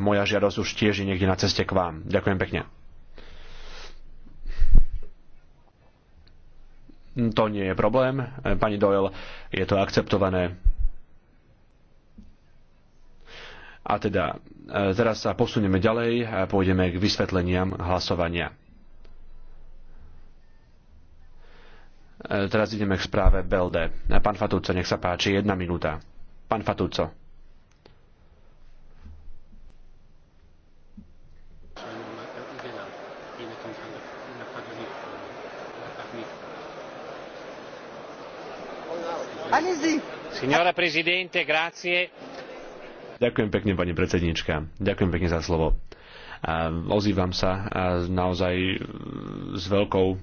moja žiadosť už tiež je niekde na ceste k vám. Ďakujem pekne. To nie je problém. Pani Doyle, je to akceptované. A teda, e, teraz sa posuneme ďalej a pôjdeme k vysvetleniam hlasovania. E, teraz ideme k správe Belde. Pán Fatúco, nech sa páči, jedna minúta. Pán Fatúco. Signora Presidente, grazie. Ďakujem pekne, pani predsednička. Ďakujem pekne za slovo. Ozývam sa naozaj s veľkou